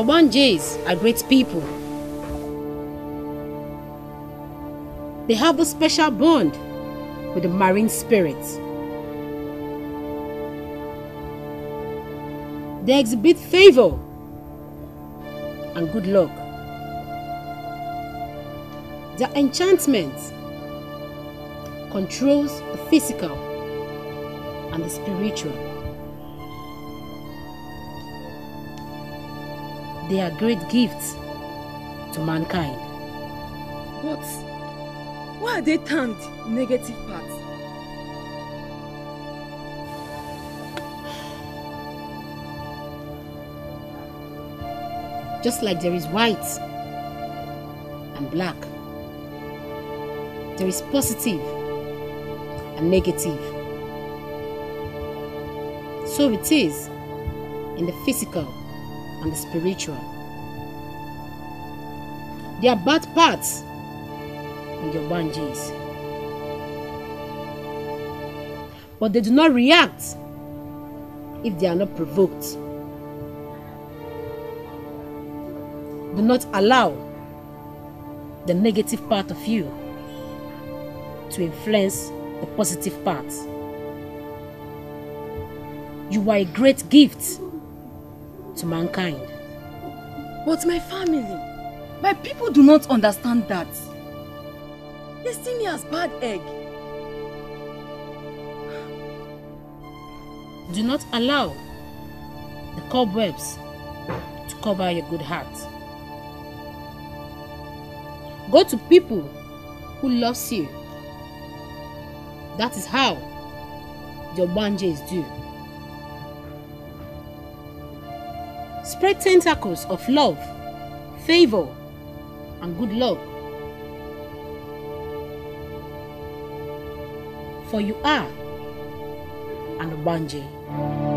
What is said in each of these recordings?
Obanjes are great people. They have a special bond with the marine spirits. They exhibit favor and good luck. Their enchantment controls the physical and the spiritual. They are great gifts to mankind. What? why are they termed negative parts? Just like there is white and black, there is positive and negative. So it is in the physical and the spiritual. There are bad parts in your bungees, But they do not react if they are not provoked. Do not allow the negative part of you to influence the positive part. You are a great gift to mankind. But my family, my people do not understand that. They see me as bad egg. Do not allow the cobwebs to cover your good heart. Go to people who loves you. That is how your banje is due. spread tentacles of love, favor, and good luck. For you are an Obanje.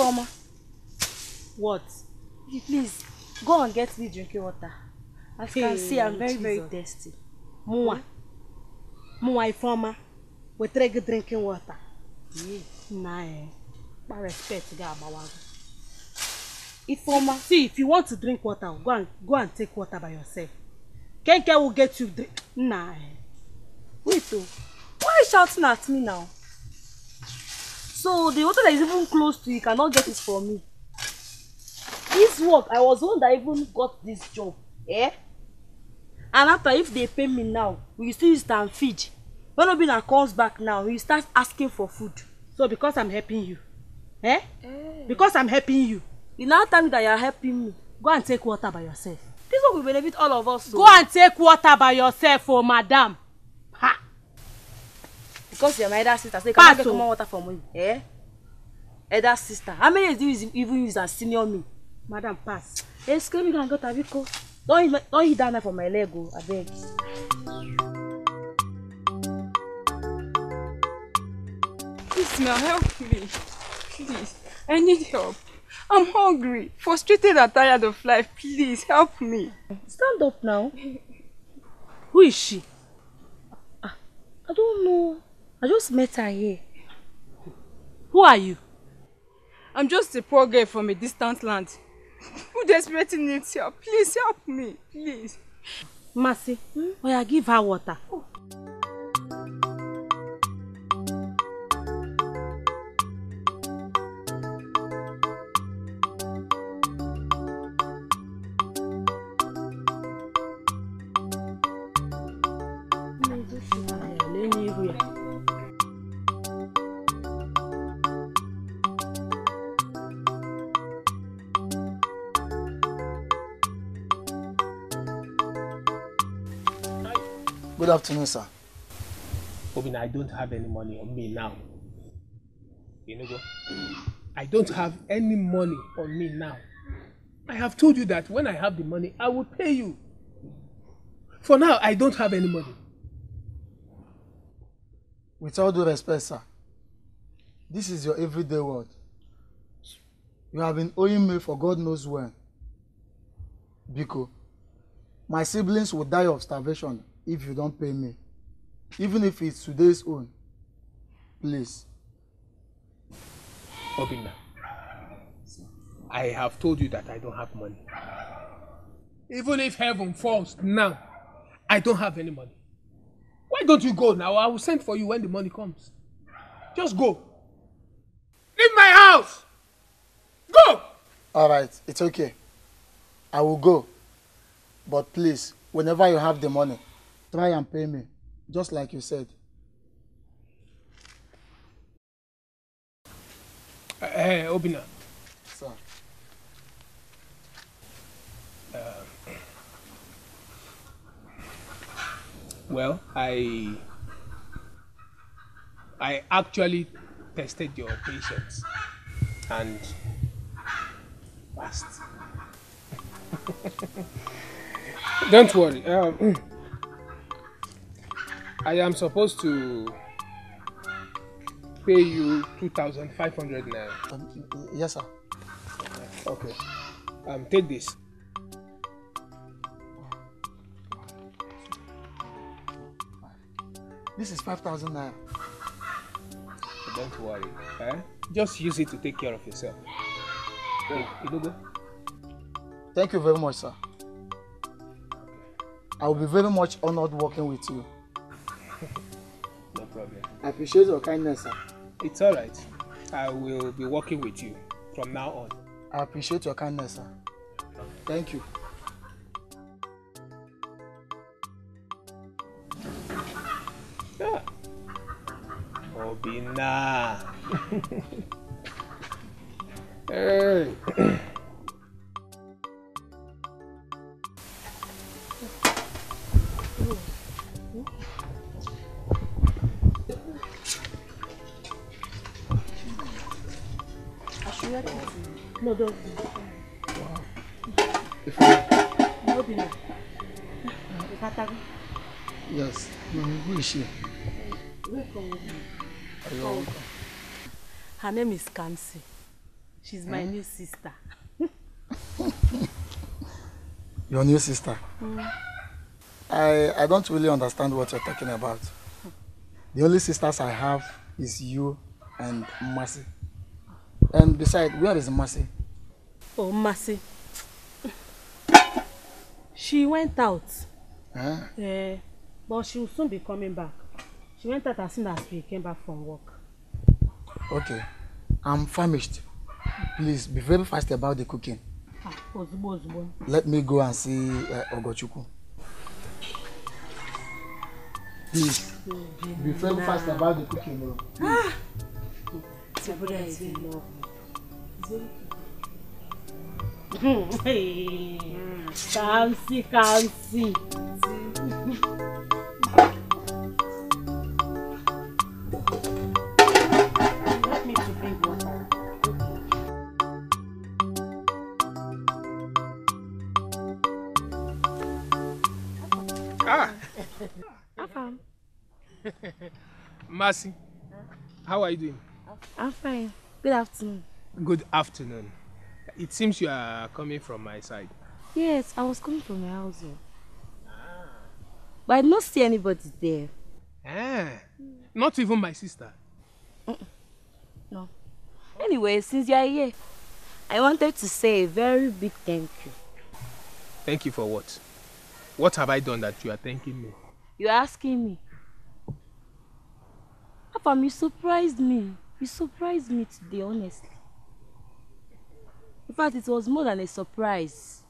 Ifeoma. What? Please, go and get me drinking water. As you hey, can see, I'm very, Jesus. very thirsty. Mua. Hmm? Mua Ifeoma. We take drinking water. Yeah. Nah, eh. My respect, Gabawago. Ifeoma, see, if you want to drink water, go and, go and take water by yourself. Kenke will get you drink. Nah, eh. Wait, oh. Why are you shouting at me now? So the water that is even close to you cannot get it from me. This work, I was one that even got this job. Eh? And after if they pay me now, we still use and feed. When Obina comes back now, he starts asking for food. So because I'm helping you. Eh? Mm. Because I'm helping you. You now tell me that you're helping me. Go and take water by yourself. This one will benefit all of us. So. Oh. Go and take water by yourself, oh madam. because you're my elder sister say, you cannot get common water for me eh elder eh, sister how many years do you even use as senior me. madam pass. Hey, eh, excuse me grangot abiko don hit that knife for my leg oh, I beg. please na help me please i need help i'm hungry frustrated and tired of life please help me. stand up now who is she ah i don't know I just met her here. Who are you? I'm just a poor girl from a distant land. Who desperately needs help? Please help me, please. Mercy, hmm? oya give her water. Oh. Good afternoon, sir. Obin, I don't have any money on me now. You know what? I don't have any money on me now. I have told you that when I have the money, I will pay you. For now, I don't have any money. With all due respect, sir, this is your everyday world. You have been owing me for God knows when. Biko, my siblings will die of starvation if you don't pay me even if it's today's own please. Obinna I have told you that I don't have money even if heaven falls now I don't have any money why don't you go now I will send for you when the money comes just go leave my house go. all right it's okay I will go but please whenever you have the money Try and pay me, just like you said. Hey, eh, eh, Obina. Sir. Uh, well, I I actually tested your patience and passed. Don't worry. Um, I am supposed to pay you 2,500 naira. Um, yes, sir. Okay. Um, take this. This is 5,000 naira. Don't worry. Eh? Just use it to take care of yourself. Hey, Thank you very much, sir. I will be very much honored working with you problem. I appreciate your kindness, sir. It's all right. I will be working with you from now on. I appreciate your kindness, sir. Thank you. Yeah. Obina. hey. Yes, who is she? Hello. Her name is Kamsi. She's my hmm? new sister. Your new sister? Mm. I, I don't really understand what you're talking about. The only sisters I have is you and Mercy. And besides, where is Mercy? Oh, mercy. She went out. Huh? Uh, but she will soon be coming back. She went out as soon as we came back from work. Okay. I'm famished. Please, be very fast about the cooking. Ah, Let me go and see uh, Ogochukwu. Please, be very fast about the cooking. Ah, No? Ah! Is it Kamsi, Kamsi. Let me Ah. Afam. Mercy. How are you doing? I'm fine. Good afternoon. Good afternoon. It seems you are coming from my side. Yes, I was coming from my house. Ah. But I did not see anybody there. Eh? Not even my sister? No. Anyway, since you are here, I wanted to say a very big thank you. Thank you for what? What have I done that you are thanking me? You are asking me. Papa, you surprised me. You surprised me today, honestly. In fact, it was more than a surprise.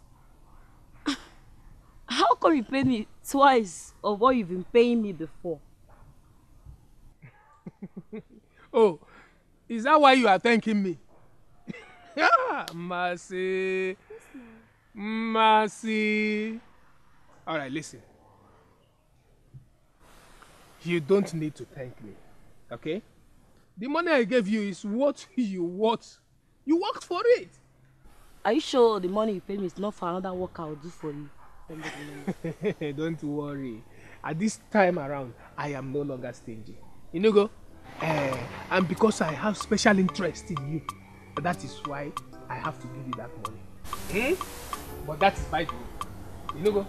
How come you pay me twice of what you've been paying me before? oh, is that why you are thanking me? Mercy. Mercy. All right, listen. You don't need to thank me, okay? The money I gave you is what you want. You worked for it. Are you sure the money you pay me is not for another work I will do for you? Don't worry. At this time around, I am no longer stingy. You know, go? Uh, and because I have special interest in you, that is why I have to give you that money. Hmm? But that is my deal. You know, go?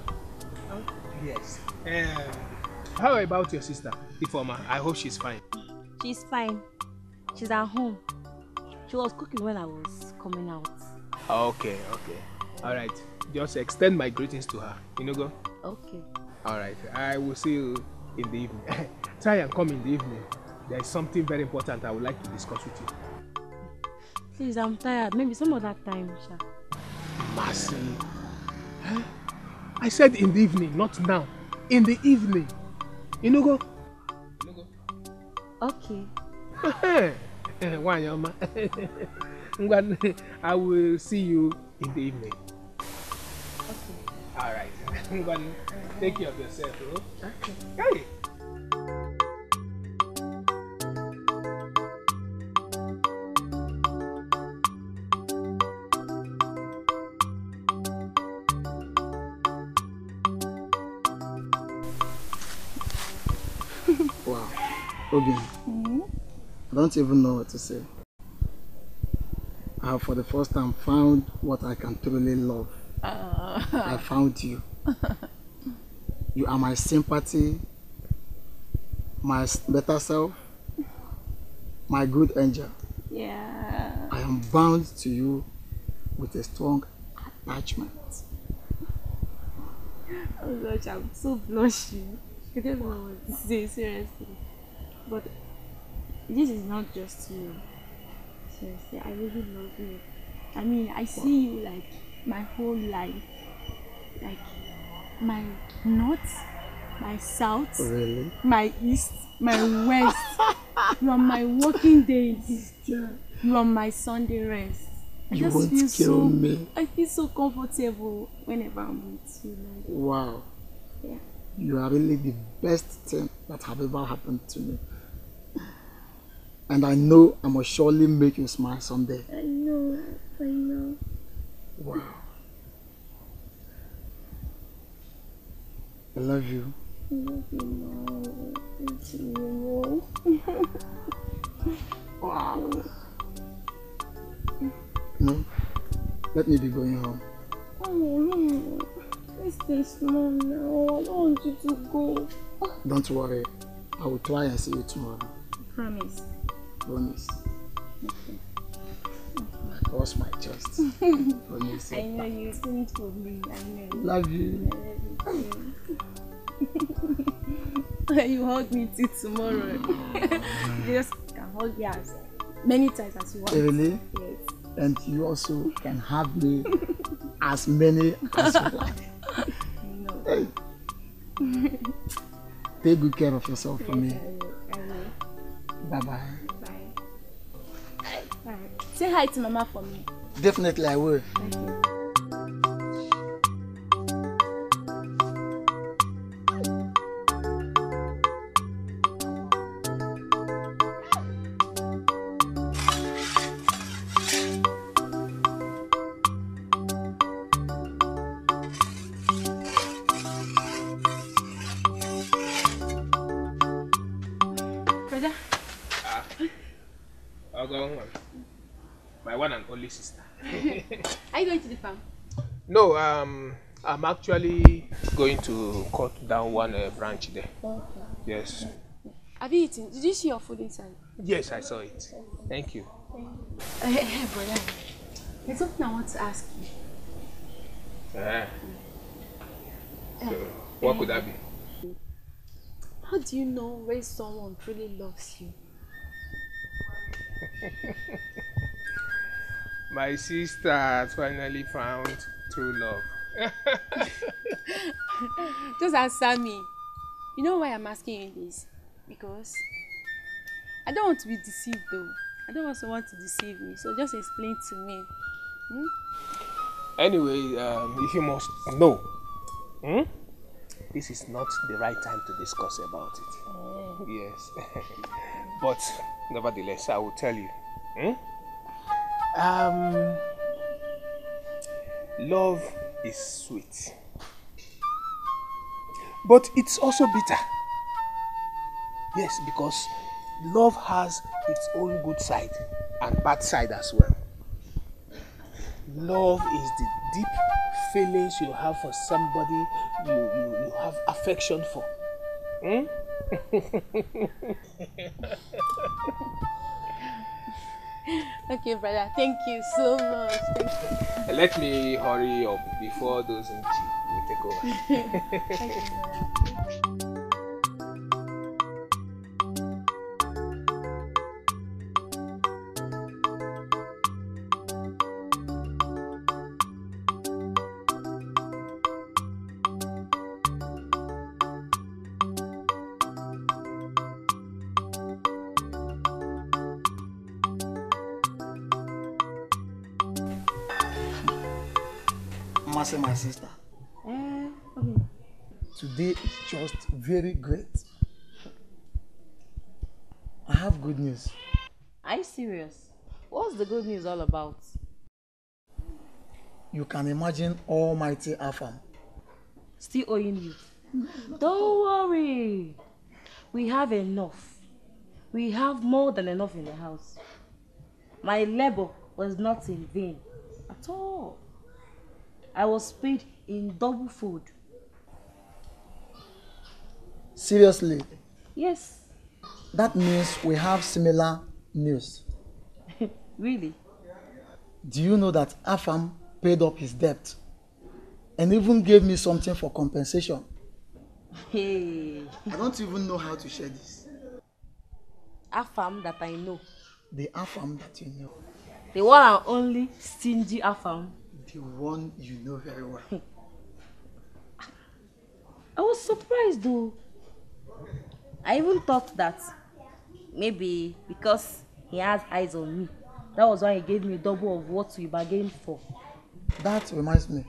Huh? Yes. Uh, how about your sister, Ifoma? I hope she's fine. She's fine. She's at home. She was cooking when I was coming out. Okay, okay. All right. Just extend my greetings to her. You know, go. Okay. All right. I will see you in the evening. Try and come in the evening. There is something very important I would like to discuss with you. Please, I'm tired. Maybe some other time, sir. Mercy. I said in the evening, not now. In the evening. You know, go. Okay. Why, Yama? I will see you in the evening. Okay. All right. I'm gonna take care of yourself. Huh? Oh. Okay. Hey. wow. Obian. Mm -hmm. I don't even know what to say. I for the first time found what I can truly love. Uh. I found you. you are my sympathy, my better self, my good angel. Yeah. I am bound to you with a strong attachment. Oh gosh, I'm so blushing. I don't know what to say, seriously. But this is not just you. sincerely, I really love you. I mean, I see you like my whole life, like my north, my south, really? my east, my west. you are my working days. You are my Sunday rest. I you just won't feel kill so, me. I feel so comfortable whenever I'm with you. Like, wow. Yeah. You are really the best thing that have ever happened to me. And I know I must surely make you smile someday. I know, I know. Wow. I love you. I love you more. Love you more. wow. No, let me be going home. Oh, let's stay small now. I don't want you to go. Don't worry. I will try and see you tomorrow. Promise. Promise. Cross my chest. Promise. I know you it for me. I know. Love you. I love you. you hug me till tomorrow. you just can hug me as many times as you want. Really? Yes. And you also can have me as many as you like. No. Hey. Take good care of yourself for me. Bye bye. Say hi to Mama for me. Definitely, I will. Thank you. um, I'm actually going to cut down one uh, branch there. Okay. Yes. Have you eaten? Did you see your food inside? Yes, I saw it. Thank you. Thank you. Uh, eh, hey, eh, eh, brother. There's something I want to ask you. Uh, so uh, what could that be? How do you know when someone truly loves you? My sister has finally found True love. Just answer me. You know why I'm asking you this? Because I don't want to be deceived though. I don't also want to deceive me. So just explain to me. Hmm? Anyway, um, if you must know, hmm? this is not the right time to discuss about it. Mm. Yes. but nevertheless, I will tell you. Hmm? Um. Love is sweet, but it's also bitter. Yes, because love has its own good side and bad side as well. Love is the deep feelings you have for somebody you, you, you have affection for. Hmm? okay, brother. Thank you so much. Thank you. Let me hurry up before those in chief will take over. Thank you, brother. very great. I have good news. Are you serious? What's the good news all about? You can imagine Almighty Afam. Still owing you. Don't worry. We have enough. We have more than enough in the house. My labor was not in vain at all. I was paid in double food. Seriously? Yes. That means we have similar news. really? Do you know that Afam paid up his debt and even gave me something for compensation? Hey. I don't even know how to share this. Afam that I know. The Afam that you know. The one and only stingy Afam. The one you know very well. I was surprised though. I even thought that maybe because he has eyes on me, that was why he gave me double of what we bargained for. That reminds me,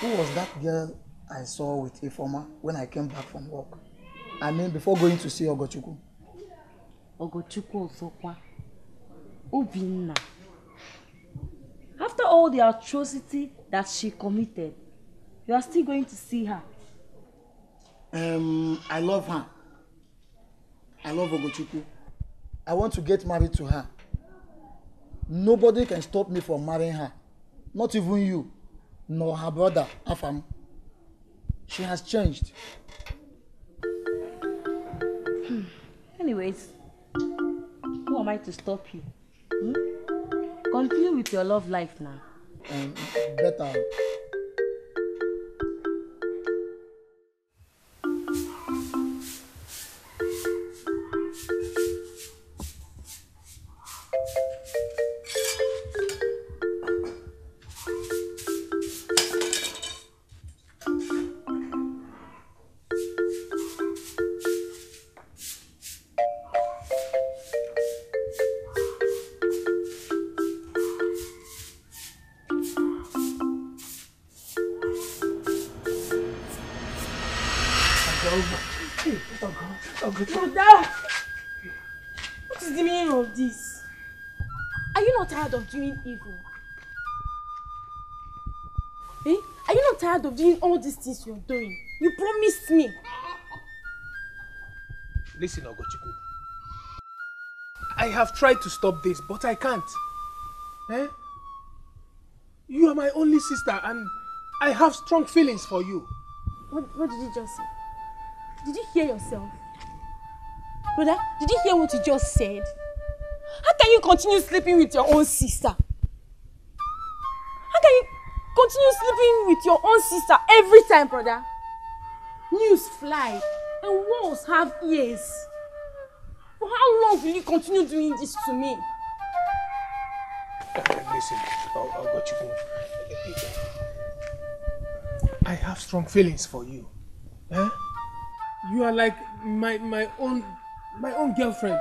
who was that girl I saw with Ifoma when I came back from work? I mean, before going to see Ogochukwu. Ogochukwu Osokwa. Obinna. After all the atrocity that she committed, you are still going to see her. Um, I love her. I love Ogochukwu. I want to get married to her. Nobody can stop me from marrying her. Not even you, nor her brother, Afam. She has changed. Hmm. Anyways, who am I to stop you? Hmm? Continue with your love life now. Um, better of doing all these things you're doing. You promised me. Listen, Ogochukwu. I have tried to stop this, but I can't. Eh? You are my only sister and I have strong feelings for you. What, what did you just say? Did you hear yourself? Brother, did you hear what you just said? How can you continue sleeping with your own sister? continue sleeping with your own sister every time, brother. News fly and walls have ears. For how long will you continue doing this to me? Listen, I'll, got you go. I have strong feelings for you. huh? Eh? You are like my, my own my own girlfriend.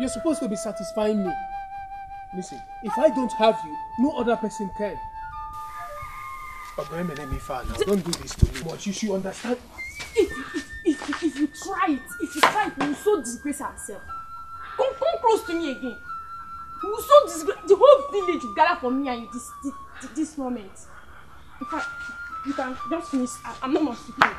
You're supposed to be satisfying me. Listen, if I don't have you, no other person can. But Bremel, let me fall now. Don't do this to me much. You should understand. If, if, if, if you try it, if you try it, we will so disgrace ourselves. Come, come close to me again. We will so disgrace. The whole village will gather for me and you this, this, this moment. In fact, you can just finish. I, I'm not more speaking.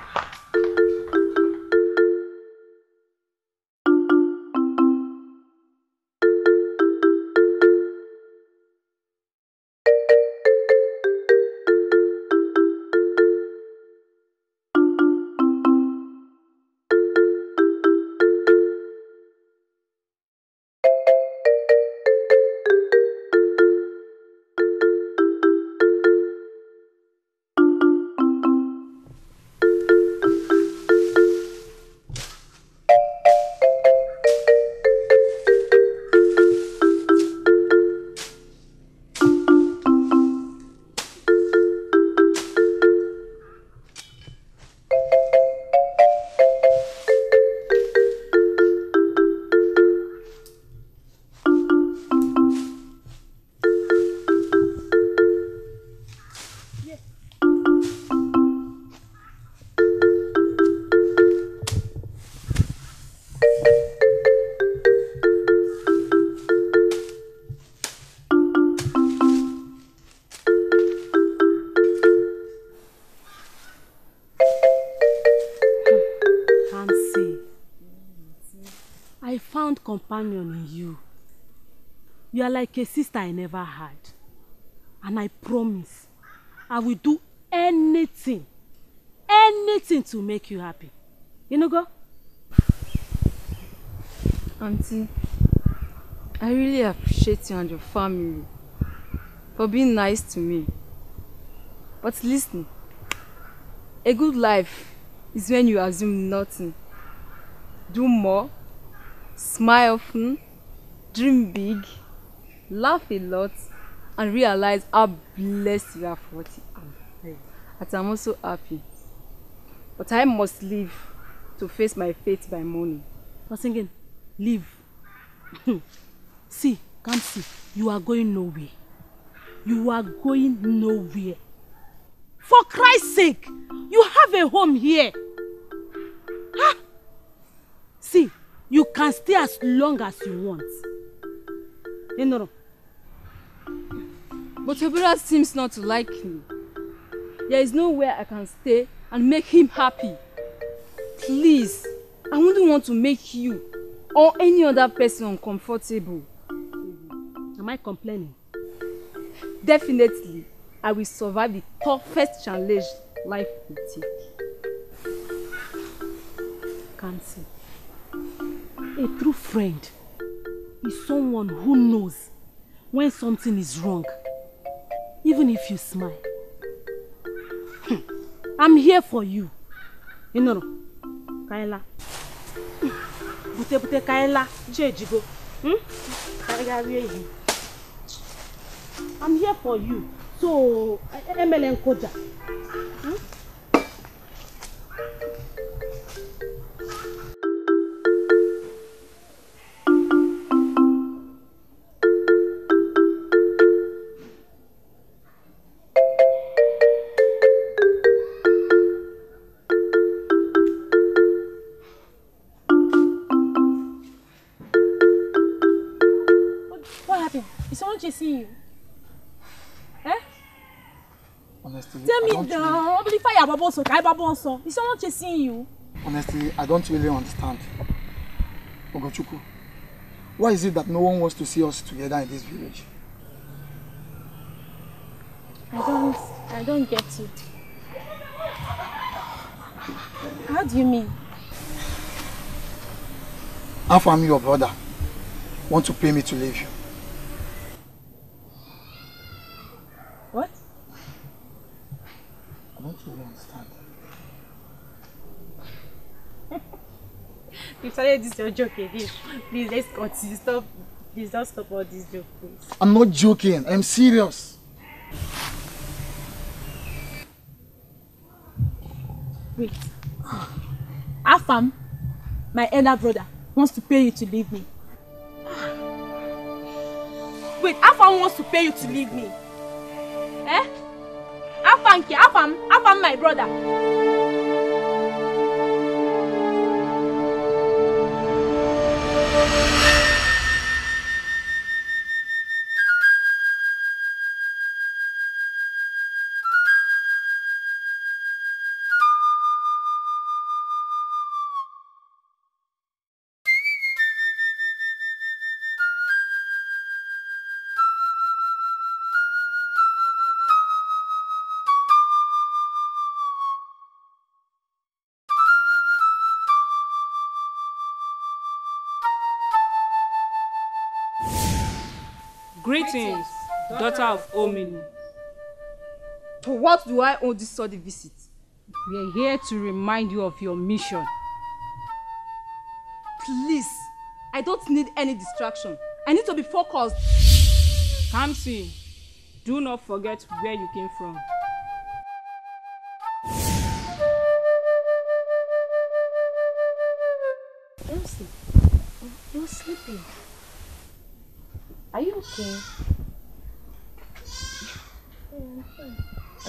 I found companion in you. You are like a sister I never had. And I promise, I will do anything, anything to make you happy. You know, go? Auntie, I really appreciate you and your family for being nice to me. But listen, a good life is when you assume nothing. Do more smile often, dream big, laugh a lot, and realize how blessed you are for what you have. But I'm also happy. But I must leave to face my fate by morning. What's again, Leave. see, come see, you are going nowhere. You are going nowhere. For Christ's sake, you have a home here. Huh? See, You can stay as long as you want. know. But brother seems not to like me. There is nowhere I can stay and make him happy. Please, I wouldn't want to make you or any other person uncomfortable. Am I complaining? Definitely, I will survive the toughest challenge life will take. Can't see. A true friend is someone who knows when something is wrong, even if you smile. Hmm. I'm here for you. You know, Kaila. Bute bute Kaila, Jejigo. Hmm? I'm here for you. So, M L N Koja. amplify your bubble soak. I bubble so. Is someone chasing you? Honestly, I don't really understand. Ogochukwu, why is it that no one wants to see us together in this village? I don't, I don't get it. How do you mean? How come your brother want to pay me to leave you? you started this your joke again. Please, let's continue. Stop. Please don't stop all this joke, please. I'm not joking. I'm serious. Wait. Afam, my elder brother, wants to pay you to leave me. Wait, Afam wants to pay you to leave me. Eh? Afam, Afam, Afam, my brother. Greetings, daughter of Omini. To what do I owe this sudden visit? We are here to remind you of your mission. Please, I don't need any distraction. I need to be focused. Kamsi, do not forget where you came from. Kamsi, you're sleeping. Are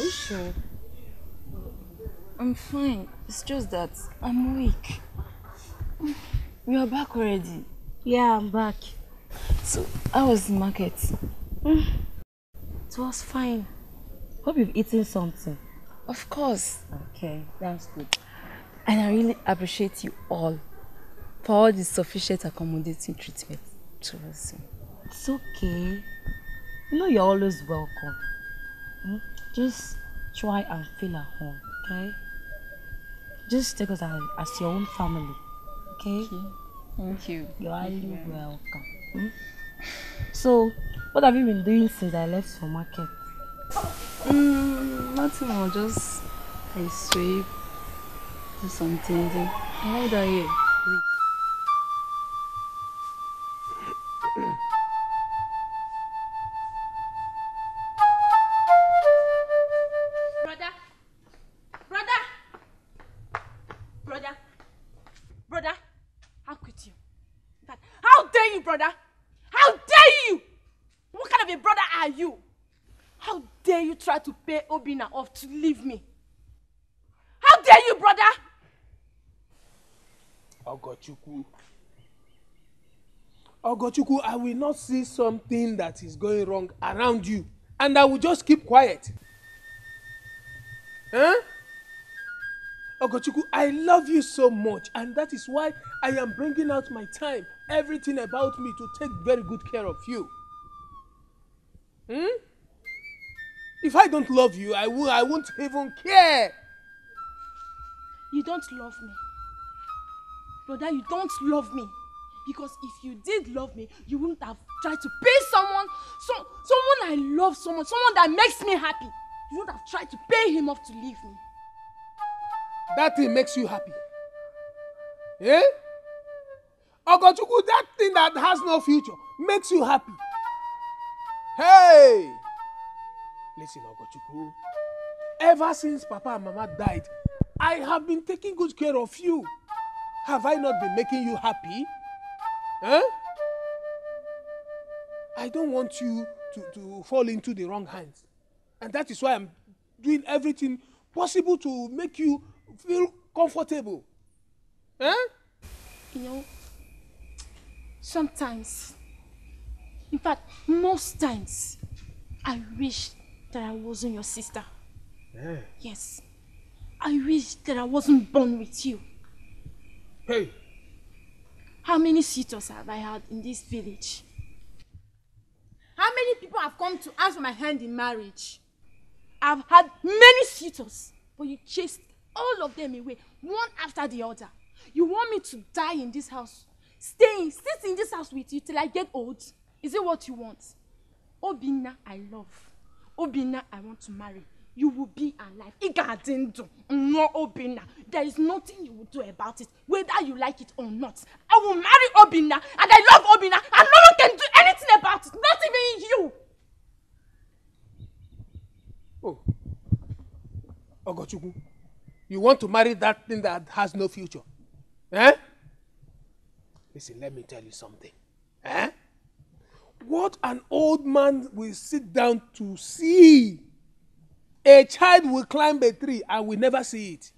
you sure? I'm fine. It's just that I'm weak. You are back already. Yeah, I'm back. So, how was the market? Mm. It was fine. Hope you've eaten something. Of course. Okay, that's good. And I really appreciate you all for all the sufficient accommodating treatment towards me. It's okay. You know you're always welcome. Hmm? Just try and feel at home, okay? Just take us as, as your own family, okay? Thank you. You're highly welcome. Hmm? So, what have you been doing since I left for market? Mm, nothing more, just I sweep, do something. How old are you? Been off enough to leave me. How dare you, brother? Ogochukwu. Ogochukwu, I will not see something that is going wrong around you. And I will just keep quiet. Huh? Ogochukwu, I love you so much. And that is why I am bringing out my time, everything about me to take very good care of you. Hmm? If I don't love you, I, will, I won't even care. You don't love me. Brother, you don't love me. Because if you did love me, you wouldn't have tried to pay someone, so, someone I love, someone, someone that makes me happy. You would not have tried to pay him off to leave me. That thing makes you happy. Eh? Ogochukwu, that thing that has no future makes you happy. Hey! Listen, Ogochukwu. Ever since Papa and Mama died, I have been taking good care of you. Have I not been making you happy? Huh? Eh? I don't want you to, to fall into the wrong hands. And that is why I'm doing everything possible to make you feel comfortable. Huh? Eh? You know, sometimes, in fact, most times, I wish that I wasn't your sister. Yes. I wish that I wasn't born with you. Hey! How many suitors have I had in this village? How many people have come to ask for my hand in marriage? I've had many suitors, but you chased all of them away, one after the other. You want me to die in this house, stay, sit in this house with you till I get old? Is it what you want? Obina, I love. Obina, I want to marry. You will be alive. Igadindu, no Obina. There is nothing you will do about it, whether you like it or not. I will marry Obina, and I love Obina, and no one can do anything about it, not even you. Oh, Ogochukwu, you want to marry that thing that has no future? Eh? Listen, let me tell you something. Eh? What an old man will sit down to see. A child will climb a tree and will never see it.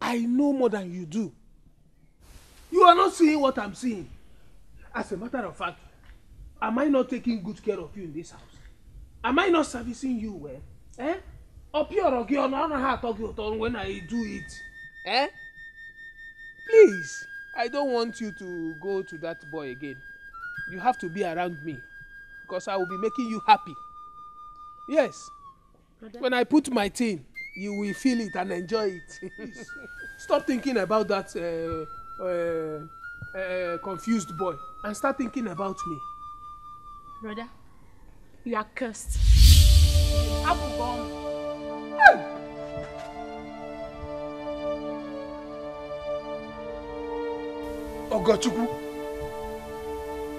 I know more than you do. You are not seeing what I'm seeing. As a matter of fact, am I not taking good care of you in this house? Am I not servicing you well? Eh? Up your don't know how to talk ụtọ when I do it. Eh? Please, I don't want you to go to that boy again you have to be around me because I will be making you happy. Yes. Brother. When I put my thing, you will feel it and enjoy it. Stop thinking about that uh, uh, uh, confused boy and start thinking about me. Brother, you are cursed. Apple bomb. Hey!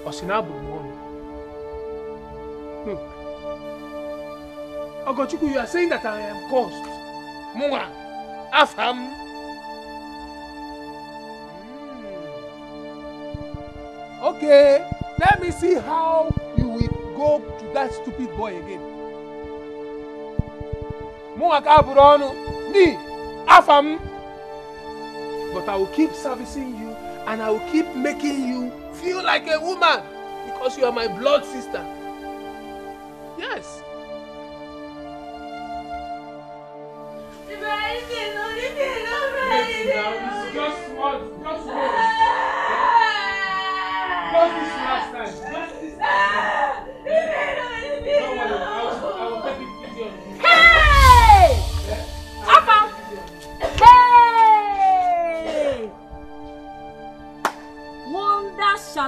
ọsị na-abụrụ m ọnụ Ogochukwu, you are saying that I am cursed. Mụnwa, afa m. Hmm. Okay, let me see how you will go to that stupid boy again. Mụnwa ka abụrụ ọnụ, ni afa m. But I will keep servicing you and I will keep making you feel like a woman because you are my blood sister. Yes.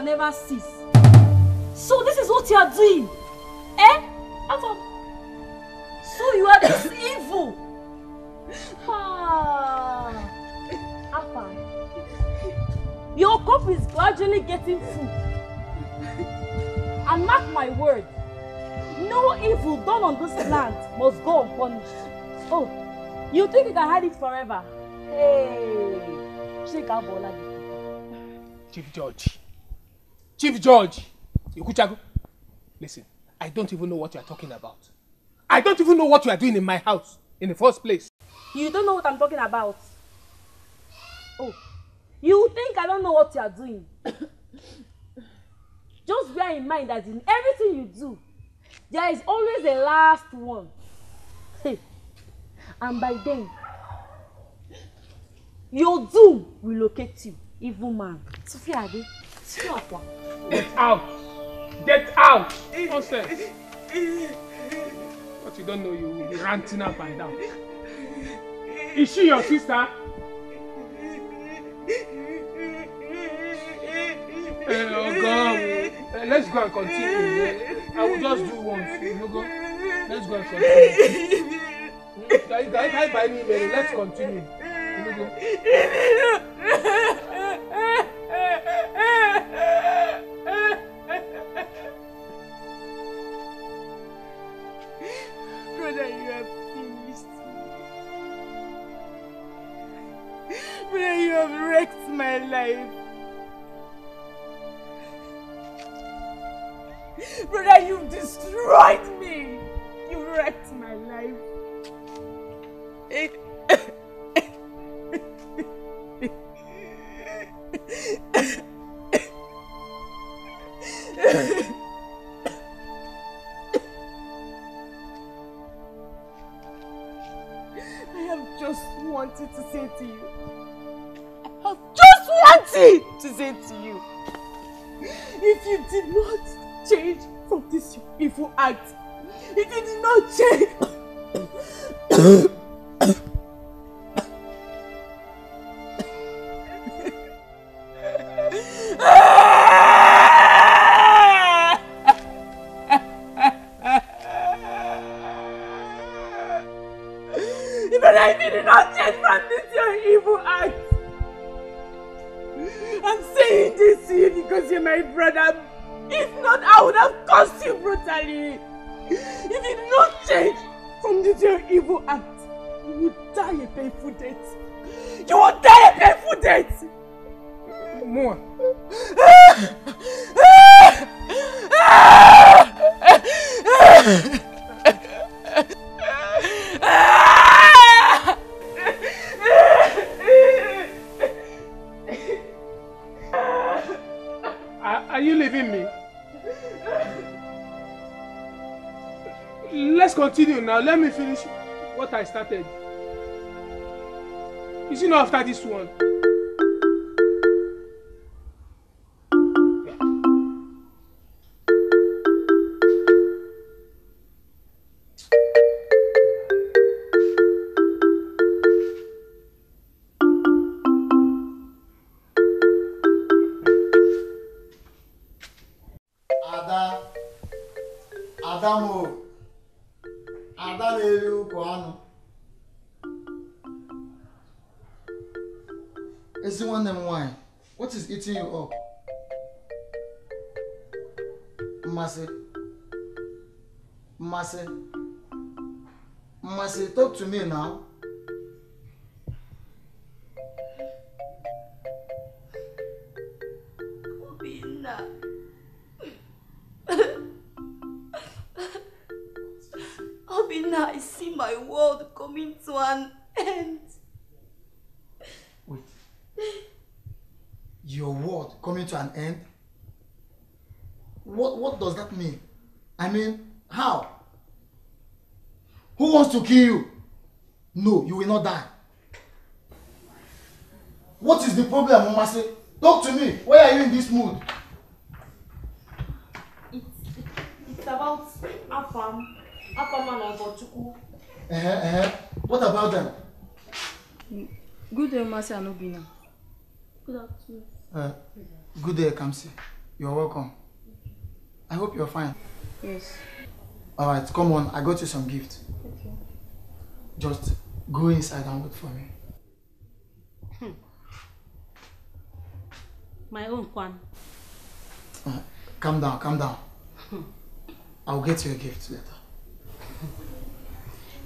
never cease. So this is what you are doing. Eh? Afam. So you are this evil. Ah. Your cup is gradually getting full. And mark my word, no evil done on this land must go unpunished. Oh, you think you can hide it forever? Hey, shake out Bola. Chief George. Chief Judge Ikuchago, listen, I don't even know what you are talking about. I don't even know what you are doing in my house in the first place. You don't know what I'm talking about. Oh, you think I don't know what you are doing. Just bear in mind that in everything you do, there is always the last one. and by then, your doom will locate you, evil man. Sophia Ade. Slap Get out! Get out! Nonsense! But you don't know you will be ranting up and down. Is she your sister? Hey, oh God. Uh, let's go and continue. I will just do once. You go. Let's go and continue. Guys, guys, hi, Mary. Let's continue. Brother, you have finished me. Brother, you have wrecked my life. Brother, you've destroyed me. You wrecked my life. act. did not change. I started. You see now after this one, one and. Wait. Your word coming to an end? What, what does that mean? I mean, how? Who wants to kill you? No, you will not die. What is the problem, Omase? Talk to me. Why are you in this mood? It's, it's about Afam. Afam and Ogochukwu. Uh -huh, uh -huh. What about them? Good day, Masi Anubina. Good afternoon. Uh, good day, Kamsi. You're welcome. I hope you're fine. Yes. Alright, come on. I got you some gift. Okay. Just go inside and wait for me. Hmm. My own Kwan. Uh, calm down, calm down. Hmm. I'll get you a gift later.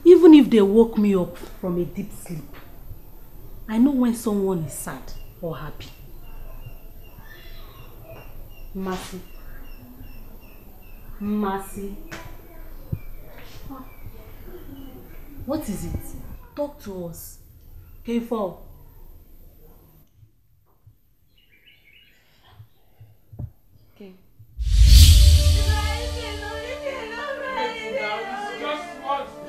even if they woke me up from a deep sleep i know when someone is sad or happy Mercy. Mercy. What is it? Talk to us. K4. Okay. Just one.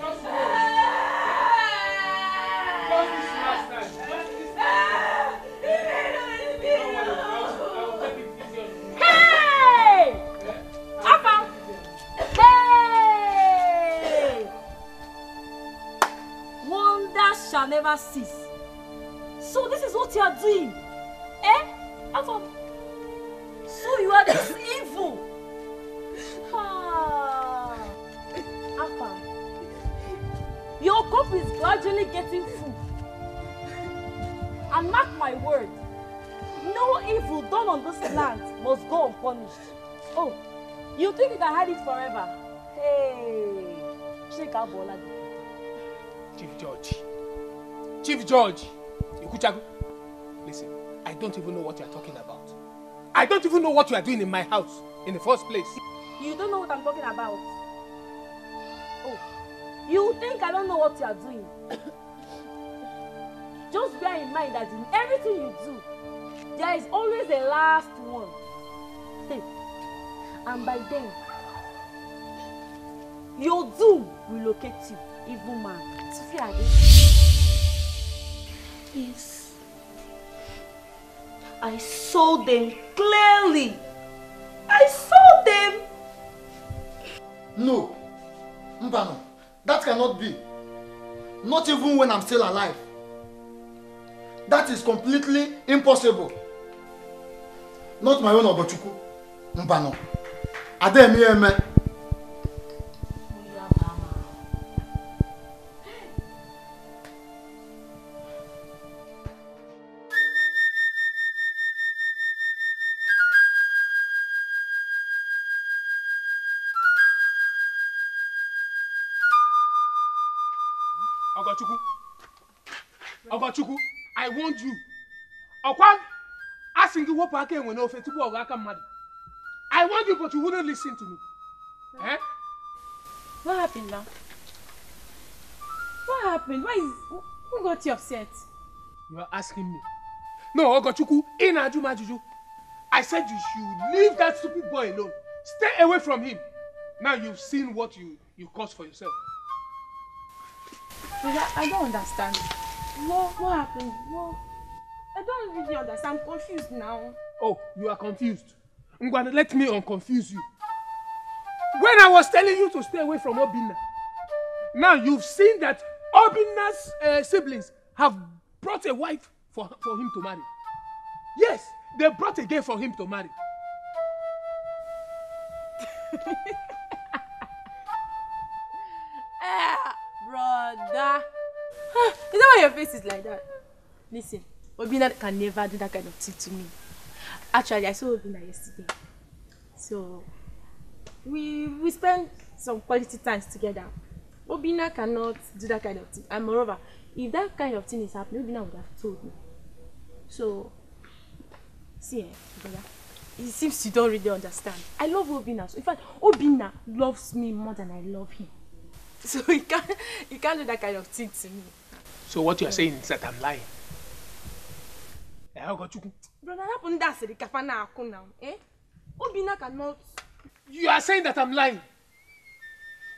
shall never cease. So this is what you are doing. Eh? Avon. So you are this evil. Ah. Apa. Your cup is gradually getting full. And mark my word, no evil done on this land must go unpunished. Oh, you think you can hide it forever? Hey, shake out Bolade. Chief George. Chief Judge Ikuchagu, listen, I don't even know what you are talking about. I don't even know what you are doing in my house in the first place. You don't know what I'm talking about. Oh, you think I don't know what you are doing? Just bear in mind that in everything you do, there is always a last one. Hey. And by then, your doom will locate you, evil man. Sophia, Yes. I saw them clearly. I saw them. No. Mbano, that cannot be. Not even when I'm still alive. That is completely impossible. Not my own Obochukwu. Mbano. Ademi Eme. I want you but you wouldn't listen to me. Eh? What happened now? What happened? Why is... Who got you upset? You are asking me. No, Ogochukwu, in Ajuma Juju. I said you should leave that stupid boy alone. Stay away from him. Now you've seen what you, you caused for yourself. I, I don't understand. What, what happened? What? I don't really understand. I'm confused now. Oh, you are confused. I'm going to let me unconfuse you. When I was telling you to stay away from Obina, now you've seen that Obina's uh, eh, siblings have brought a wife for, for him to marry. Yes, they brought a girl for him to marry. Ah, brother. Is that why your face is like that? Listen, Obina can never do that kind of thing to me. Actually, I saw Obina yesterday. So, we, we spent some quality times together. Obina cannot do that kind of thing. And moreover, if that kind of thing is happening, Obina would have told me. So, see, eh, brother, it seems you don't really understand. I love Obina. So, in fact, Obina loves me more than I love him. So, he can't, he can't do that kind of thing to me. So, what you are saying is that I'm lying? Ogochukwu. Brother, that one that's the kafana akụ now. Eh? Obina cannot. You are saying that I'm lying.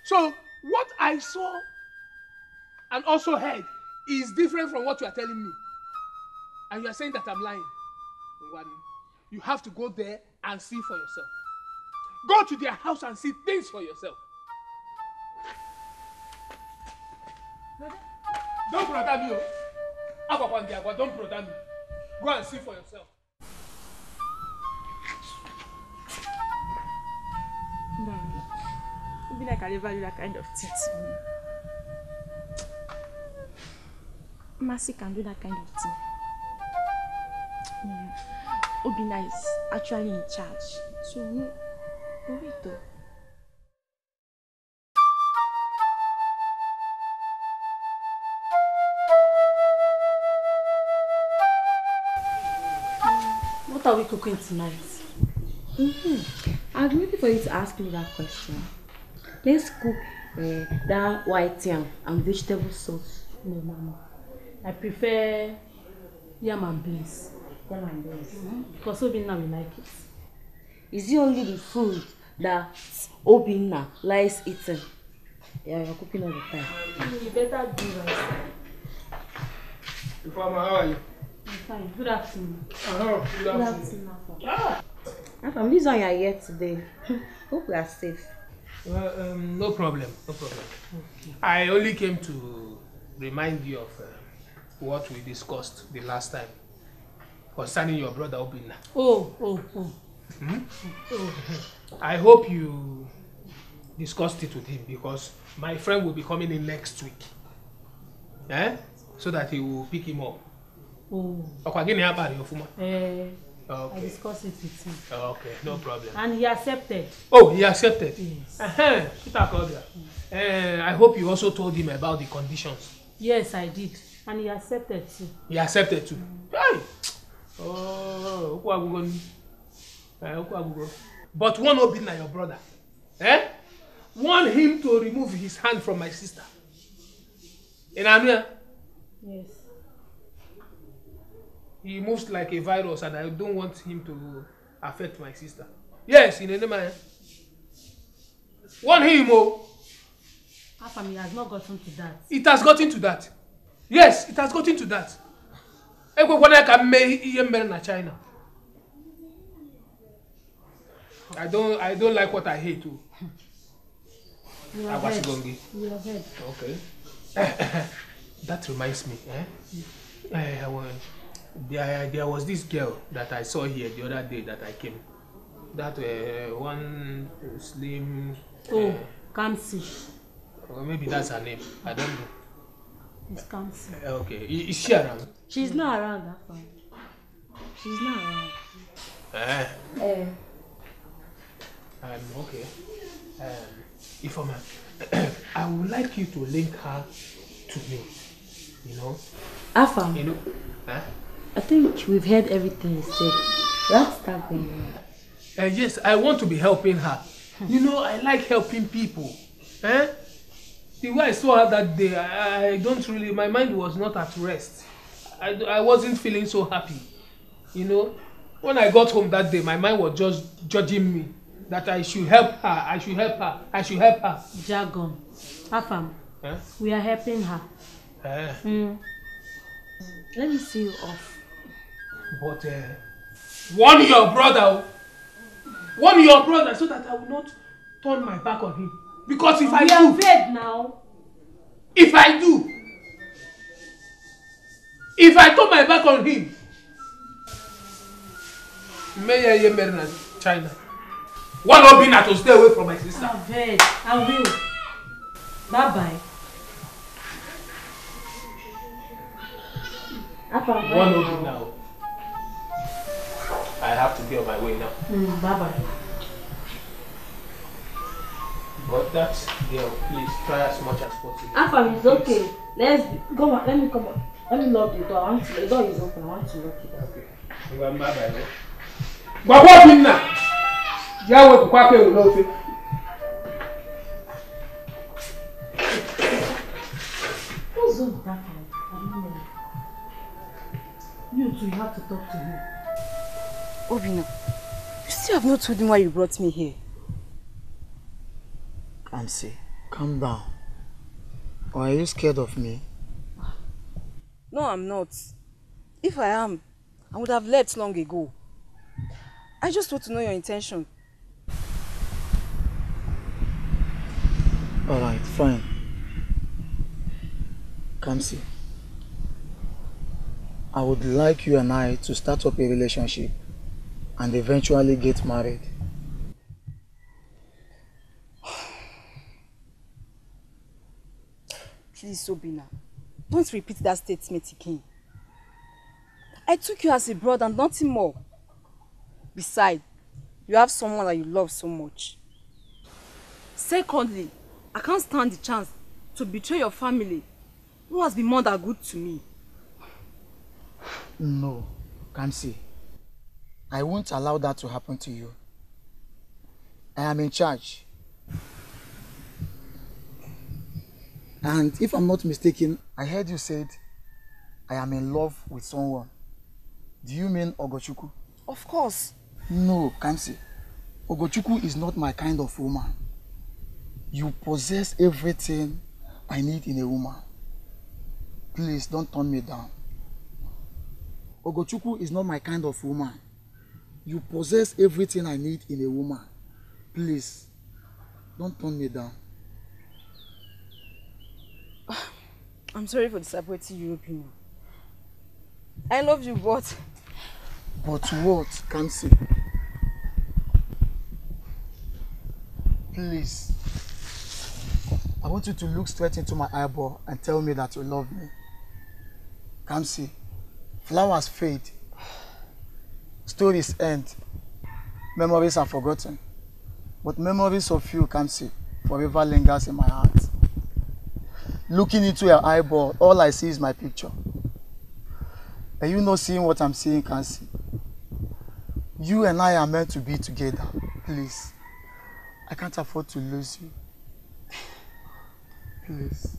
So what I saw and also heard is different from what you are telling me. And you are saying that I'm lying. One, you have to go there and see for yourself. Go to their house and see things for yourself. Don't brother me. Oh. Don't brother me. Go and see for yourself. No. Hmm. It be like I never do that kind of thing to me. Mercy can do that kind of thing. Yeah. Obina is actually in charge. So, no, no, wait What are we cooking tonight? Mm-hmm. I'm was waiting for you to ask me that question. Let's cook uh, that white yam and vegetable sauce. No, Mama. I prefer yam and beans. Yam and beans. Mm-hmm. Because Obinna will like it. Is it only the food that Obinna likes eating? Yeah, you're cooking all the time. You better do that. Ifeoma, how are you? Fine. Good afternoon. Oh, good afternoon. Good afternoon. Ah. Afam, this one you are here today. Hope you are safe. Well, um, no problem. No problem. Okay. I only came to remind you of uh, what we discussed the last time concerning your brother Obinna. Oh, oh, oh. Hmm? oh. I hope you discussed it with him because my friend will be coming in next week. Eh? So that he will pick him up. ọkwa gị na ya Okay. I discussed it with him. Okay, no problem. And he accepted. Oh, he accepted. Yes. Uh-huh. Peter Claudia, mm. uh, eh, I hope you also told him about the conditions. Yes, I did. And he accepted too. He accepted too. Mm. Hey! Oh, okwu agwụgo ni. Eh, okwu agwụgo. But one Obinna, your brother. Eh? Want him to remove his hand from my sister. Ị Yes he moves like a virus and I don't want him to affect my sister. Yes, in any Enema. Warn him, oh. How come has not gotten to that? It has gotten to that. Yes, it has gotten to that. Ekwekwana ka mme ihe mere na China. I don't I don't like what I hate too. Oh. You are vexed. You are vexed. Okay. that reminds me, eh? Mm. Uh, well, there there was this girl that I saw here the other day that I came. That uh, one slim. Oh, uh, Kamsi. maybe that's her name. I don't know. It's Kamsi. Uh, okay, is she around? She's not around that far. She's not around. Uh-huh. Eh. Uh, eh. Uh, um. Okay. Um. Ifoma, I would like you to link her to me. You know. Afam. You know. Huh? I think we've heard everything you said. Let's start going Uh, yes, I want to be helping her. Hmm. you know, I like helping people. Eh? The way I saw her that day, I, I don't really, my mind was not at rest. I, I wasn't feeling so happy. You know, when I got home that day, my mind was just judging me that I should help her, I should help her, I should help her. Jargon. Afam, eh? we are helping her. Eh? Mm. Let me see you off. But uh, warn your brother. Warn your brother so that I will not turn my back on him. Because if I do... We are fed now. If I do... If I turn my back on him... May I hear Mary China? One of you to stay away from my sister. I'm I will. Bye-bye. One of you now have to be on my way now. Mm, bye bye. But that girl, please try as much as possible. Afam is okay. Let's go on. Let me come on. Let me lock the door. I want to, the door is open. I want to lock it. Okay. Bye bye. Gbàgbọ́ bí nà, ìyáwó ìkùkọ́ akéwì náà fi. What's up with that guy? I don't know. You two, you have to talk to him. Obino, you still have not told me why you brought me here. Kamsi, calm down. Or oh, are you scared of me? No, I'm not. If I am, I would have left long ago. I just want to know your intention. Alright, fine. Kamsi, I would like you and I to start up a relationship and eventually get married. Please, Obina, don't repeat that statement again. I took you as a brother and nothing more. Besides, you have someone that you love so much. Secondly, I can't stand the chance to betray your family who has been more than good to me. No, can't see. I won't allow that to happen to you. I am in charge. And if I'm not mistaken, I heard you said, I am in love with someone. Do you mean Ogochuku? Of course. No, Kamsi. Ogochuku is not my kind of woman. You possess everything I need in a woman. Please don't turn me down. Ogochuku is not my kind of woman. You possess everything I need in a woman. Please, don't turn me down. I'm sorry for disappointing you, Pino. I love you, but... But what, Kansi? Please. I want you to look straight into my eyeball and tell me that you love me. Kamsi, flowers fade Stories end, memories are forgotten, but memories of you, Kamsi, forever lingers in my heart. Looking into your eyeball, all I see is my picture. Are you not seeing what I'm seeing, Kamsi? You and I are meant to be together, please. I can't afford to lose you. please.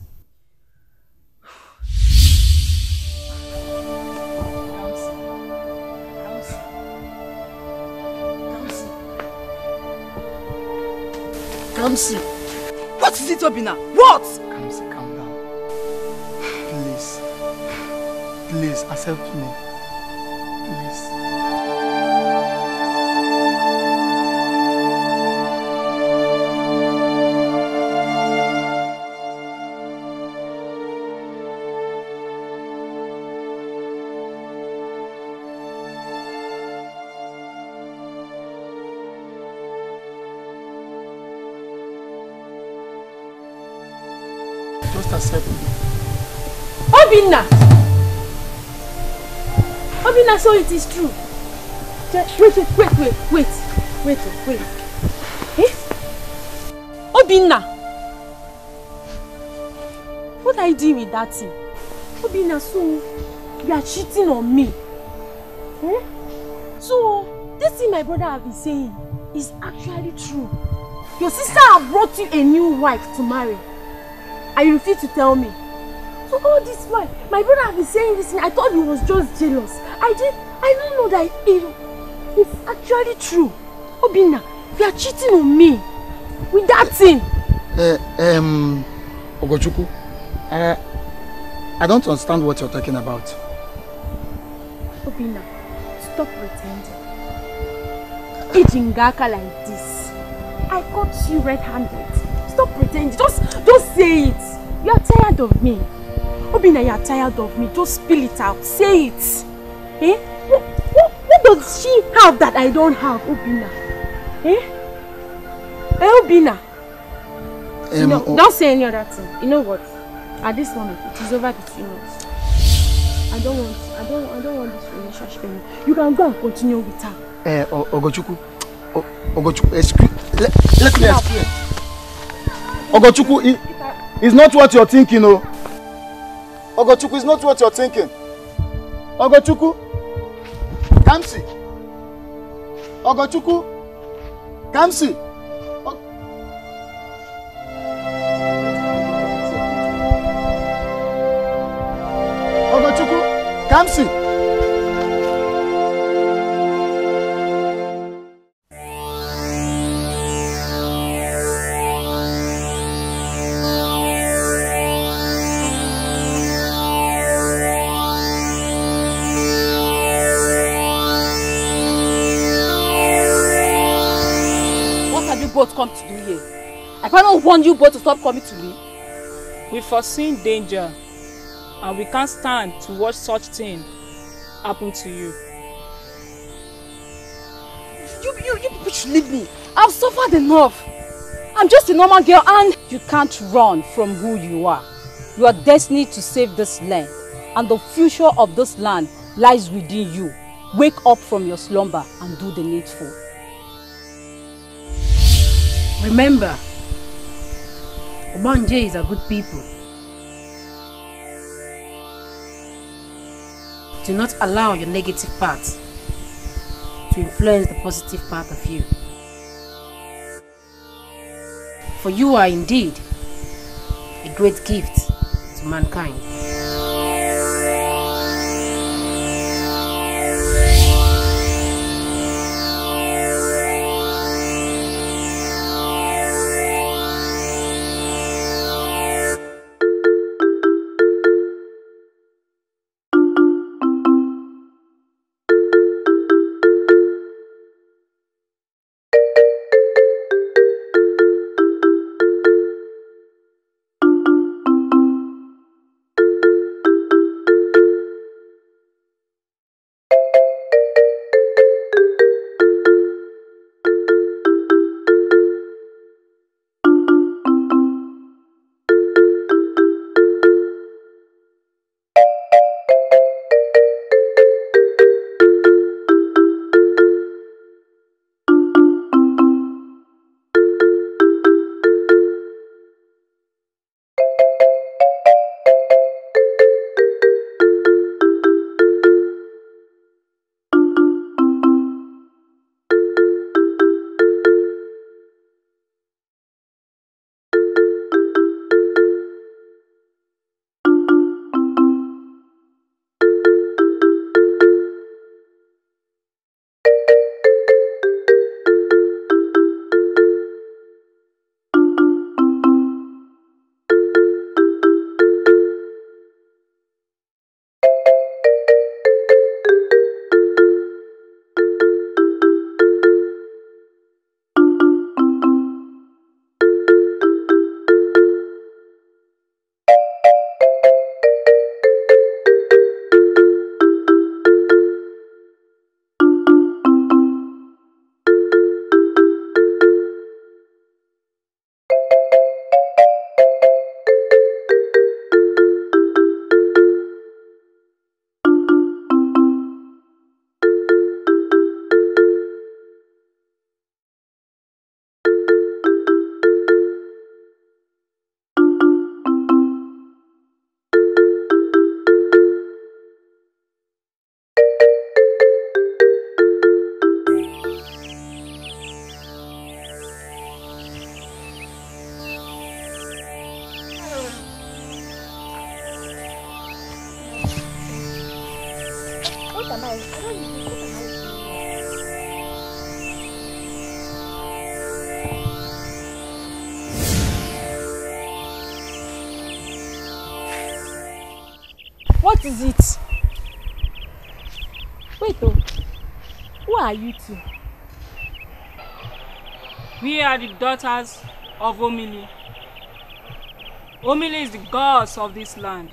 Kamsi. What is it, Obina? What? Kamsi, calm down. Please. Please, accept me. Obinna! Obinna, so it is true. Wait, wait, wait, wait, wait, wait, wait. Eh? Obinna! What are you doing with that thing? Obinna, so you are cheating on me. Eh? So, this thing my brother have been saying is actually true. Your sister have brought you a new wife to marry. And you refuse to tell me. So oh, all oh, this while, my brother has been saying this thing. I thought he was just jealous. I did. I do not know that it, it's actually true. Obina, you are cheating on me with that thing. Uh, eh, um, Ogochuku, uh, eh, I don't understand what you're talking about. Obina, stop pretending. Eating gaka like this. I caught you red-handed. Stop pretending. Just, just say it. You are tired of me. Obina, you are tired of me. Just spill it out. Say it. Eh? What, what, what does she have that I don't have, Obina? Eh? Eh, Obina? Um, you know, oh. Don't say any other thing. You know what? At this moment, it is over between us. I don't want, I don't, I don't want this relationship anymore. You can go and continue with her. Eh, uh, Ogochuku, Ogochuku, excuse, eh, let, let me explain. Ogochuku, it's not what you're thinking, oh. Ogochukwu is not what you're thinking. Ogochukwu, Kamsi. Ogochukwu, Kamsi. Og Ogochukwu, Kamsi. warned you both to stop coming to me? We foreseen danger and we can't stand to watch such thing happen to you. You, you, you people should leave me. I've suffered enough. I'm just a normal girl and you can't run from who you are. You are destined to save this land and the future of this land lies within you. Wake up from your slumber and do the needful. Remember, Obanje is a good people. Do not allow your negative part to influence the positive part of you. For you are indeed a great gift to mankind. daughters of Omili. Omili is the gods of this land.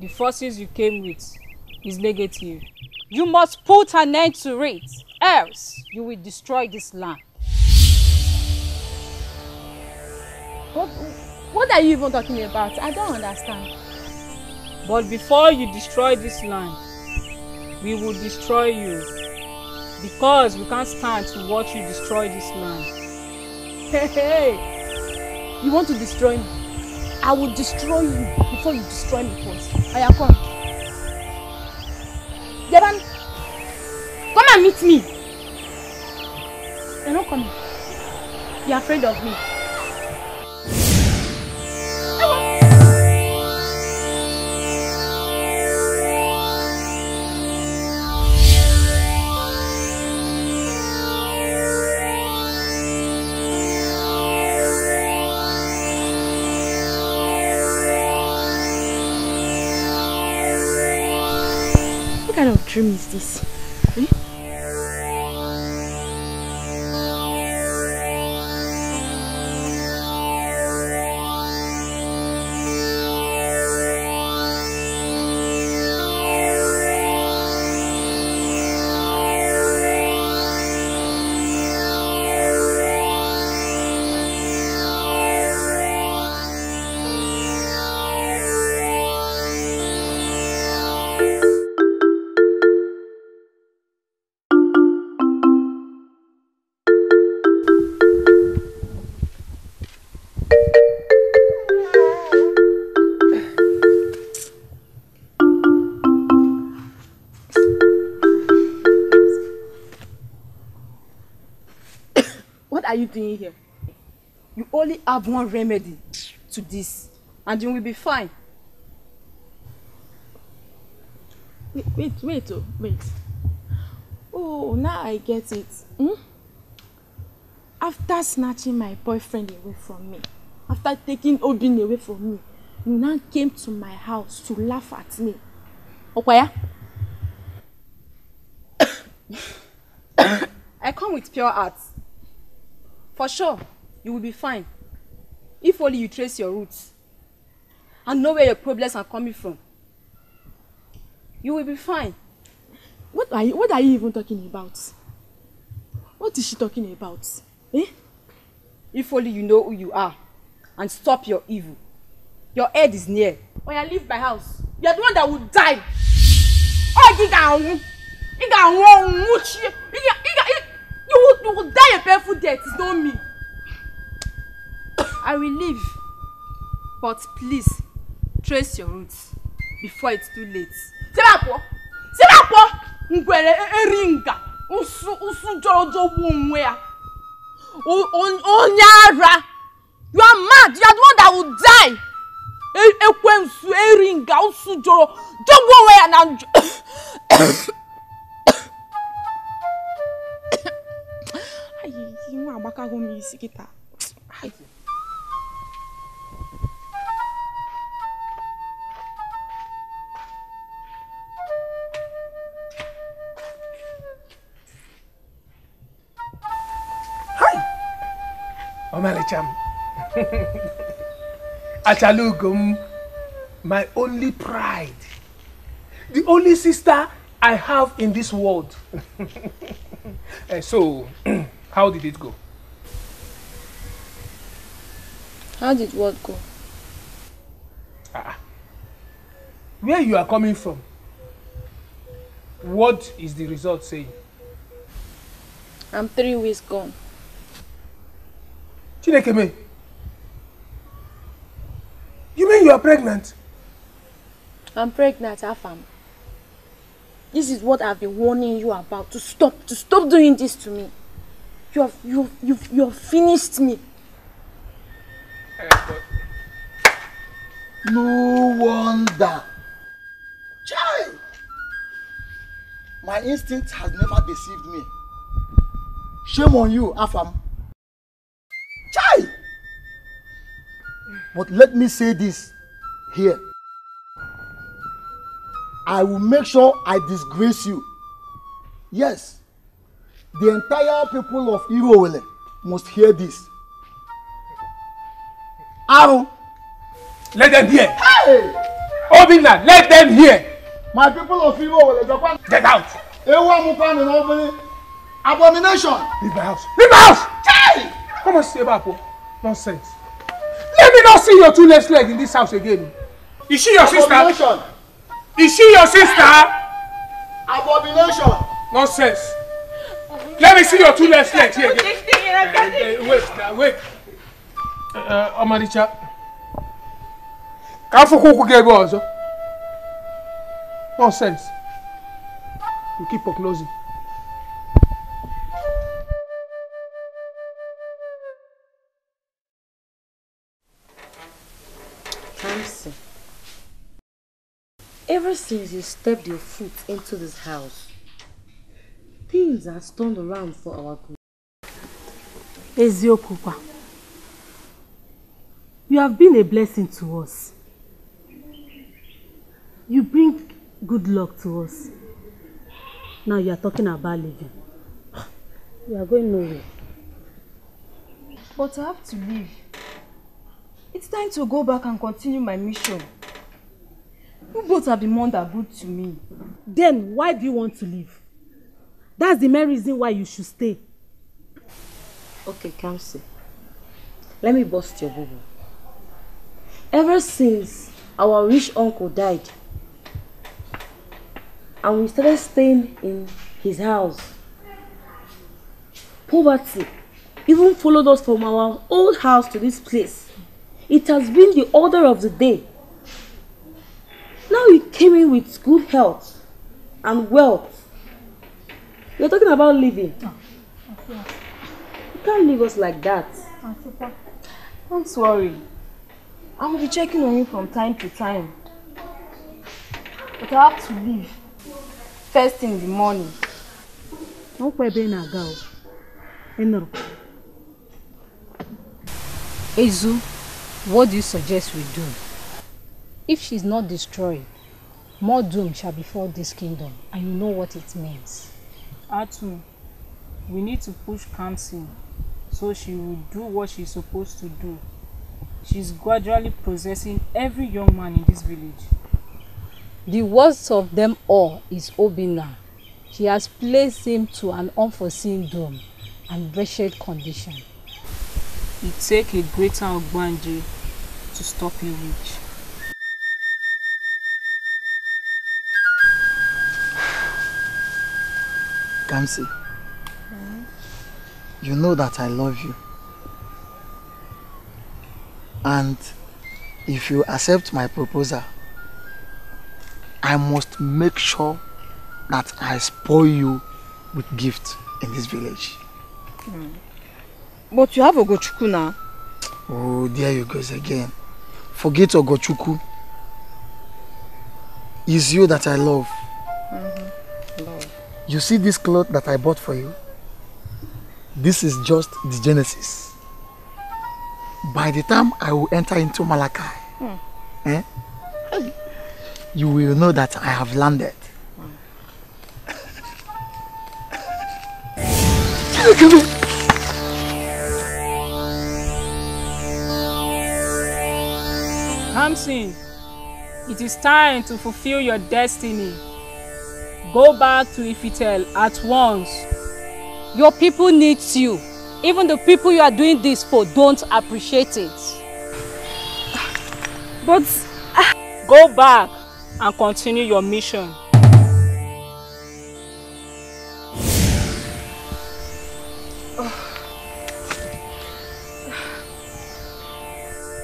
The forces you came with is negative. You must put an end to it, else you will destroy this land. What, what are you even talking about? I don't understand. But before you destroy this land, we will destroy you. Because we can't stand to watch you destroy this land. Hey, you want to destroy me? I will destroy you before you destroy me first. Aya, come. Devan, come and meet me. They're not coming. They're afraid of me. je mise d'ici. you doing here? You only have one remedy to this, and you will be fine. Wait, wait, wait, oh, wait. Oh, now I get it. Hmm? After snatching my boyfriend away from me, after taking Obin away from me, you now came to my house to laugh at me. Okwaya? I come with pure arts for sure you will be fine if only you trace your roots and know where your problems are coming from you will be fine. what are you what are you even talking about what is she talking about eh if only you know who you are and stop your evil your head is near When I leave my house you are the one that will die Oh, you got one. You got one you will die a painful death it's not me. I will leave but please trace your roots before it's too late. Sibapọ Sibapọ ngwere eri e, nga usu usu jọrọjọgbu onwe ya onye ara you are mad you are the one that will die. E, ekwensu eri nga usu jọrọ jọgbu onwe ya na njọ. inú àbákàrò mi my only pride the only sister i have in this world eh, so How did it go? How did what go? Ah, ah. Where you are coming from? What is the result saying? I'm three weeks gone. Chinekeme, you mean you are pregnant? I'm pregnant, Afam. This is what I've been warning you about, to stop, to stop doing this to me. you have you you've you finished me. no wonder chai my instinct has never deceived me shame on you afam chai but let me say this here i will make sure i disgrace you yes The entire people of Irowele must hear this. Arun. Let them hear. Hey! Obinna, let them hear. My people of Irowele, Japan. Get out. Ewa Mupani na Obinna. Abomination. Leave my house. Leave my house. Hey! Come on, stay back. Oh. Nonsense. Let me not see your two left leg in this house again. Is she your sister? Is she your sister? Abomination. Nonsense. Let me see your two left legs here. Again. wait, wait. Uh, Ọmarịcha, uh, ka afọkwa ụkwụ gị ebe ọzọ. Nonsense. You keep up closing. ever since you stepped your foot into this house, things has turned around for our good. Eziokwu kwa. You have been a blessing to us. You bring good luck to us. Now you are talking about leaving. You are going nowhere. But I have to leave. It's time to go back and continue my mission. You both have been more than good to me. Then why do you want to leave? That's the main reason why you should stay. Okay, Kamsi. Let me bust your bubble. Ever since our rich uncle died, and we started staying in his house, poverty even followed us from our old house to this place. It has been the order of the day. Now we came in with good health and wealth You're talking about leaving. Oh. Ah, you can't leave us like that. Ah, Don't worry. I will be checking on you from time to time. But I have to leave. First thing in the morning. No kwebe na girl. Enro. Ezu, what do you suggest we do? If she's not destroyed, more doom shall befall this kingdom, and you know what it means. Atu, we need to push Kamsi so she will do what she's supposed to do. She's gradually possessing every young man in this village. The worst of them all is Obina. She has placed him to an unforeseen doom and wretched condition. It takes a greater Ogbanje to stop a witch. Kamsi, you know that I love you. And if you accept my proposal, I must make sure that I spoil you with gifts in this village. Mm. But you have Ogochuku now. Oh, there you go again. Forget Ogochuku. It's you that I love. You see this cloth that I bought for you? This is just the Genesis. By the time I will enter into Malachi, mm. eh, you will know that I have landed. Mm. Hamsin, it is time to fulfill your destiny. Go back to Ifitel at once. Your people need you. Even the people you are doing this for don't appreciate it. But... Ah. Go back and continue your mission.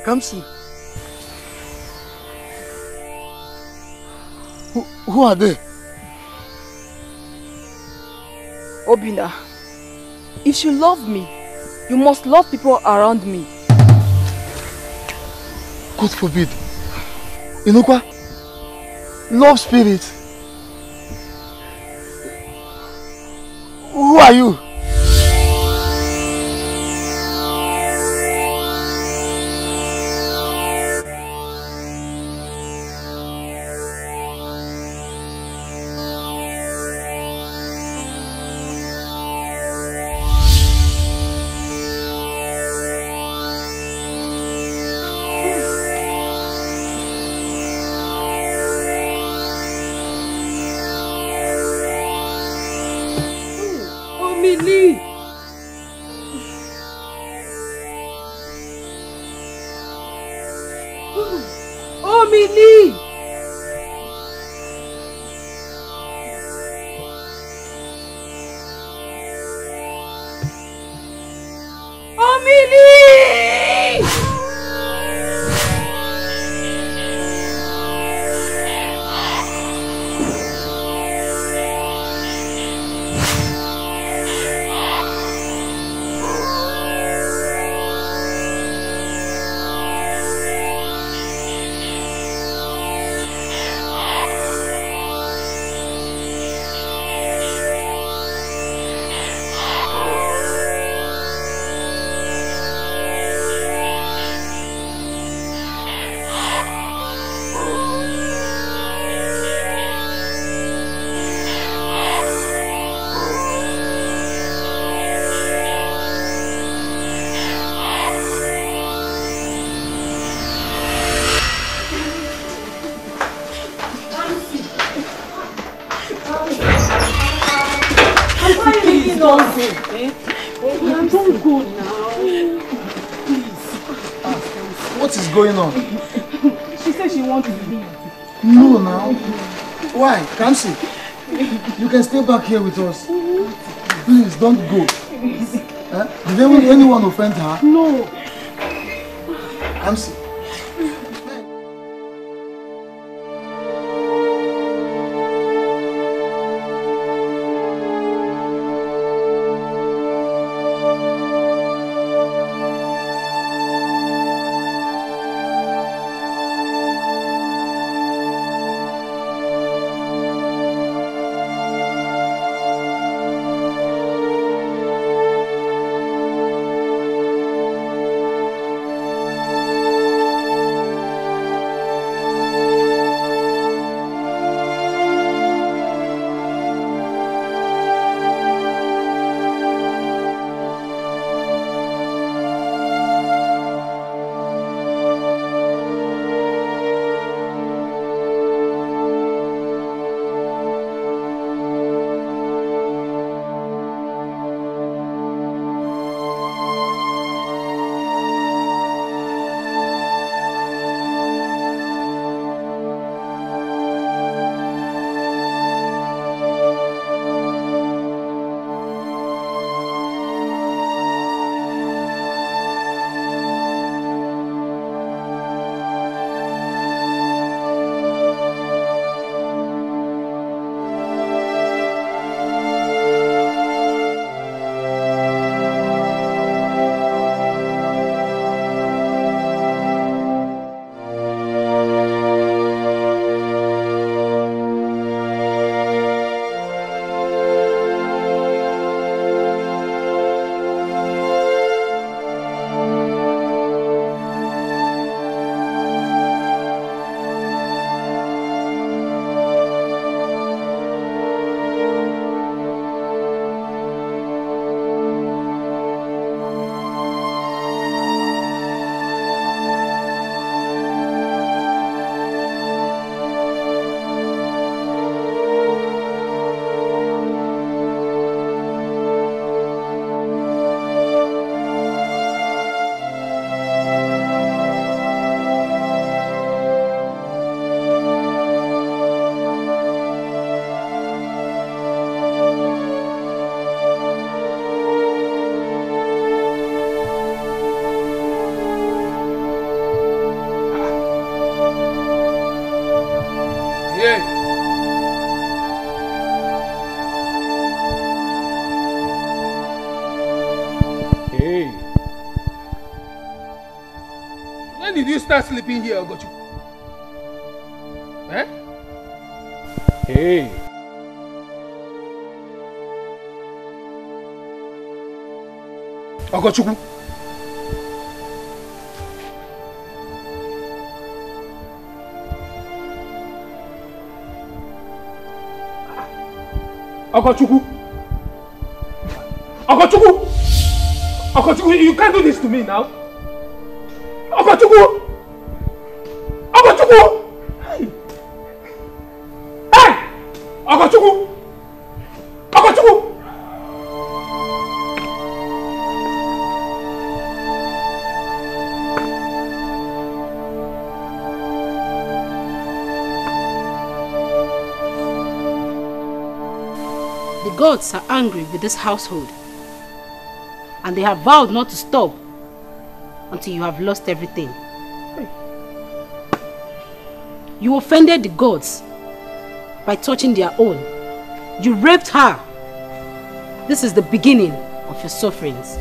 Come see. Who, who are they? Obina, if you love me, you must love people around me. God forbid. Inukwa, love spirit. Who are you? back here with us. Please, don't go. Eh? Did anyone offend her? No. are sleeping here, Ogochu. Eh? Hey. Ogochukwu. Ogochukwu. Ogochukwu. Ogochukwu, you can't do this to me now. Ogochukwu. gods are angry with this household. And they have vowed not to stop until you have lost everything. You offended the gods by touching their own. You raped her. This is the beginning of your sufferings.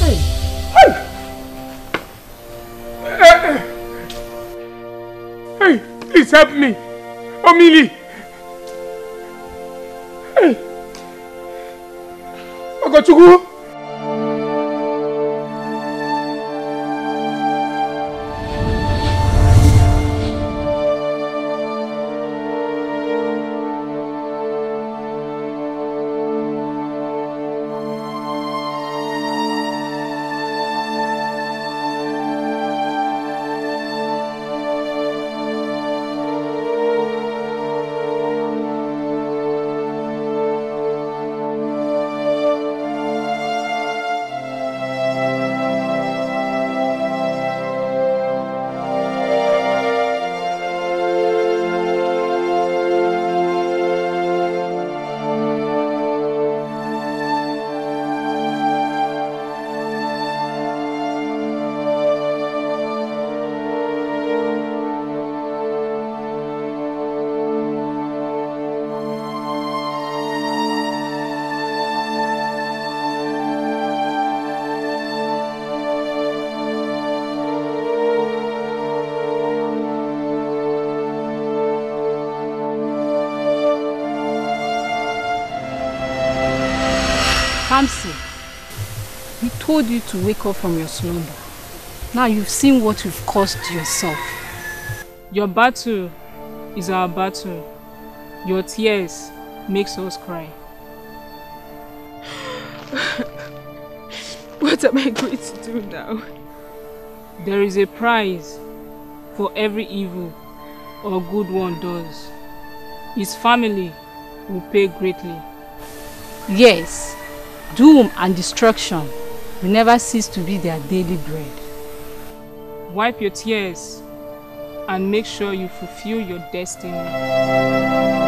Hey, hey. hey please help me. Omili, Ogochukwu. told you to wake up from your slumber. Now you've seen what you've caused yourself. Your battle is our battle. Your tears makes us cry. what am I going to do now? There is a prize for every evil or good one does. His family will pay greatly. Yes, doom and destruction will never cease to be their daily bread. Wipe your tears and make sure you fulfill your destiny.